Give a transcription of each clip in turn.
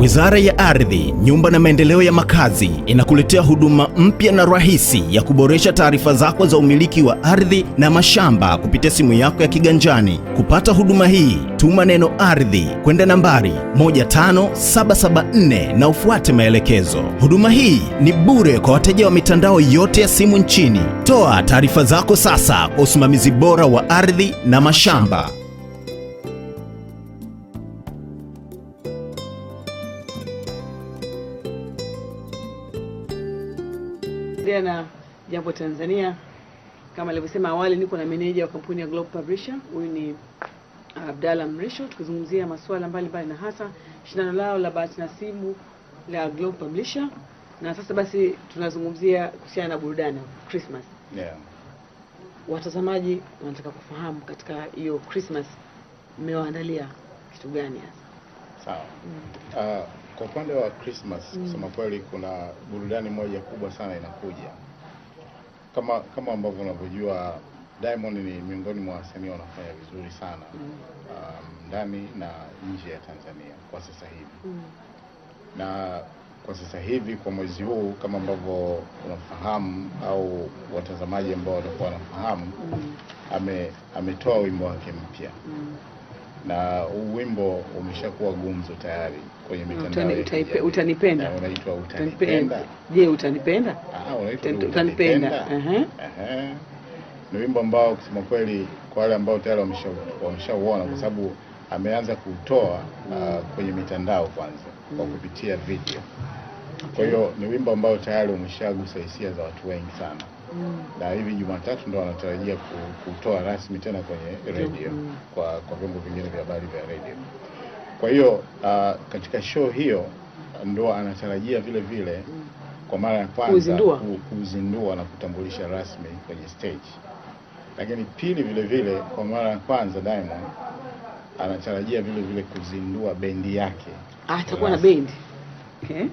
Wizara ya Ardhi, Nyumba na Maendeleo ya Makazi inakuletea huduma mpya na rahisi ya kuboresha taarifa zako za umiliki wa ardhi na mashamba kupitia simu yako ya kiganjani. Kupata huduma hii, tuma neno ardhi kwenda nambari 15774 na ufuate maelekezo. Huduma hii ni bure kwa wateja wa mitandao yote ya simu nchini. Toa taarifa zako sasa kwa usimamizi bora wa ardhi na mashamba. Kuendelea na jambo Tanzania, kama alivyosema awali, niko na meneja wa kampuni ya Global Publisher, huyu ni uh, Abdalla Mrisho, tukizungumzia masuala mbalimbali na hasa shindano lao la bahati nasibu la Global Publisher. Na sasa basi tunazungumzia kuhusiana na burudani Christmas. Yeah. Watazamaji wanataka kufahamu katika hiyo Christmas mmewaandalia kitu gani hasa? Sawa. Mm. Uh, kwa upande wa Christmas mm. kusema kweli kuna burudani moja kubwa sana inakuja kama kama ambavyo unavyojua Diamond ni miongoni mwa wasanii wanafanya vizuri sana mm. um, ndani um, na nje ya Tanzania kwa sasa hivi mm. na kwa sasa hivi kwa mwezi huu kama ambavyo unafahamu au watazamaji ambao watakuwa wanafahamu, mm. ametoa ame wimbo wake mpya mm na huu wimbo umeshakuwa gumzo tayari kwenye mitandao utani, utanipenda unaitwa utanipenda. Je, utanipenda? Ah, unaitwa utanipenda. ni wimbo ambao kusema kweli kwa wale ambao tayari wameshauona kwa sababu ameanza kuutoa uh, ah, kwenye mitandao kwanza kwa mm. kupitia video. Kwa hiyo ni wimbo ambao tayari umeshagusa hisia za watu wengi sana mm. na hivi Jumatatu ndo wanatarajia kutoa rasmi tena kwenye redio mm. kwa kwa vyombo vingine vya habari vya redio. Kwa hiyo uh, katika show hiyo ndo anatarajia vile vile mm. kwa mara ya kwanza kuzindua na kutambulisha rasmi kwenye stage, lakini pili vile vile kwa mara ya kwanza Diamond anatarajia vile vile kuzindua bendi yake. Ah, atakuwa na bendi okay. Eh?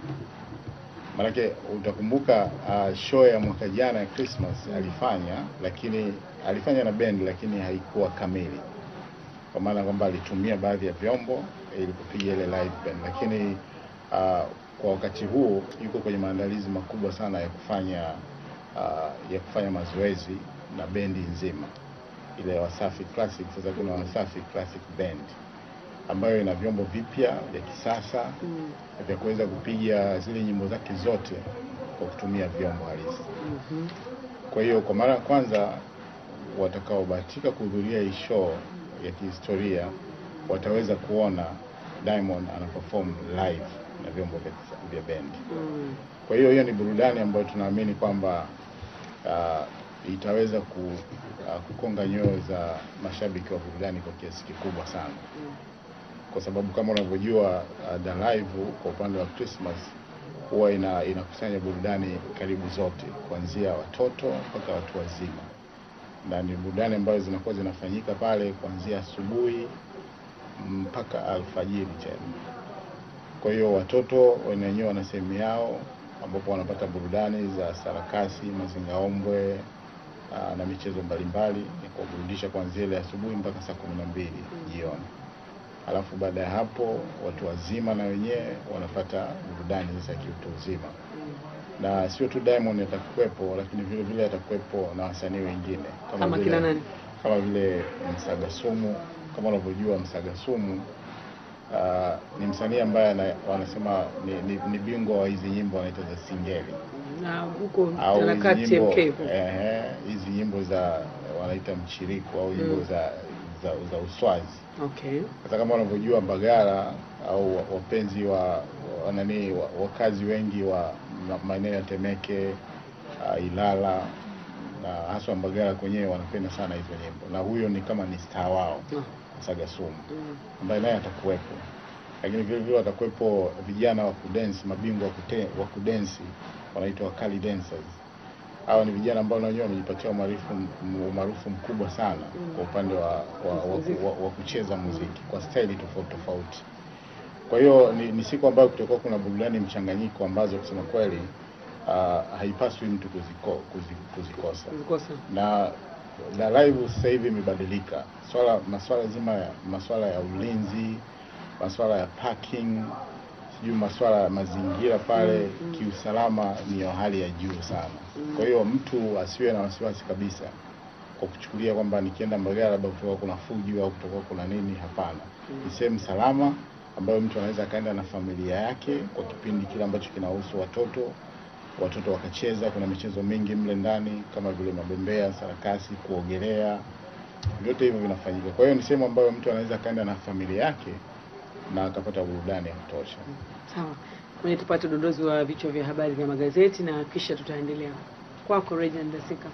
manake utakumbuka uh, show ya mwaka jana ya Christmas mm. alifanya, lakini alifanya na bendi, lakini haikuwa kamili, kwa maana kwamba alitumia baadhi ya vyombo ili kupiga ile live band, lakini uh, kwa wakati huu yuko kwenye maandalizi makubwa sana ya kufanya uh, ya kufanya mazoezi na bendi nzima ile Wasafi Classic. Sasa kuna Wasafi Classic Band ambayo ina vyombo vipya vya kisasa mm. vya kuweza kupiga zile nyimbo zake zote kwa kutumia vyombo halisi mm -hmm. Kwa hiyo kwa mara ya kwanza watakaobahatika kuhudhuria hii show ya kihistoria wataweza kuona Diamond ana perform live na vyombo vya bendi mm. Kwa hiyo hiyo ni burudani ambayo tunaamini kwamba uh, itaweza ku, uh, kukonga nyoyo za mashabiki wa burudani kwa kiasi kikubwa sana mm kwa sababu kama unavyojua uh, Live kwa upande wa Christmas huwa ina inakusanya burudani karibu zote kuanzia watoto mpaka watu wazima, na ni burudani ambazo zinakuwa zinafanyika pale kuanzia asubuhi mpaka alfajiri tena. Kwa hiyo watoto wenyewe wana sehemu yao ambapo wanapata burudani za sarakasi, mazingaombwe uh, na michezo mbalimbali ya kuwaburudisha kuanzia ile asubuhi mpaka saa kumi na mbili jioni alafu baada ya hapo watu wazima na wenyewe wanapata burudani sasa kiutu uzima, na sio tu Diamond atakuwepo, lakini vile vile atakuwepo na wasanii wengine kama, kama vile nani? kama vile Msagasumu. Kama unavyojua Msagasumu uh, ah, ni msanii ambaye wanasema ni, ni, ni bingwa wa hizi nyimbo anaita za singeli au hizi nyimbo, eh, nyimbo za wanaita mchiriko au nyimbo mm. za za, za uswazi okay. Hata kama wanavyojua Mbagala au wapenzi wa nani wa, wakazi wengi wa maeneo ya Temeke uh, Ilala na haswa Mbagala kwenyewe wanapenda sana hizo nyimbo, na huyo ni kama ni star wao no. Ah. Sagasumu mm. ambaye naye atakuwepo, lakini vile vile watakuwepo vijana wa kudensi, mabingwa wa kudensi wanaitwa Kali Dancers hawa ni vijana ambao na wenyewe wamejipatia umaarufu mkubwa sana mm. kwa upande wa, wa, wa, wa, wa kucheza muziki kwa staili tofauti tofauti. Kwa hiyo ni, ni siku ambayo kutakuwa kuna burudani mchanganyiko ambazo kusema kweli uh, haipaswi mtu kuziko, kuzikosa, kuzikosa. Na, na live sasa hivi imebadilika swala, maswala zima ya maswala ya ulinzi, maswala ya parking sijui masuala ya mazingira pale, kiusalama ni ya hali ya juu sana. Kwa hiyo mtu asiwe na wasiwasi kabisa kwa kuchukulia kwamba nikienda Mbagala labda kutoka kuna fujo au kutoka kuna nini. Hapana, ni sehemu salama ambayo mtu anaweza akaenda na familia yake kwa kipindi kile ambacho kinahusu watoto, watoto wakacheza. Kuna michezo mingi mle ndani kama vile mabembea, sarakasi, kuogelea, vyote hivyo vinafanyika. Kwa hiyo ni sehemu ambayo mtu anaweza akaenda na familia yake na atapata burudani ya kutosha. Sawa, kwenye tupate udondozi wa vichwa vya habari vya magazeti na kisha tutaendelea. Kwako Regina Ndasika.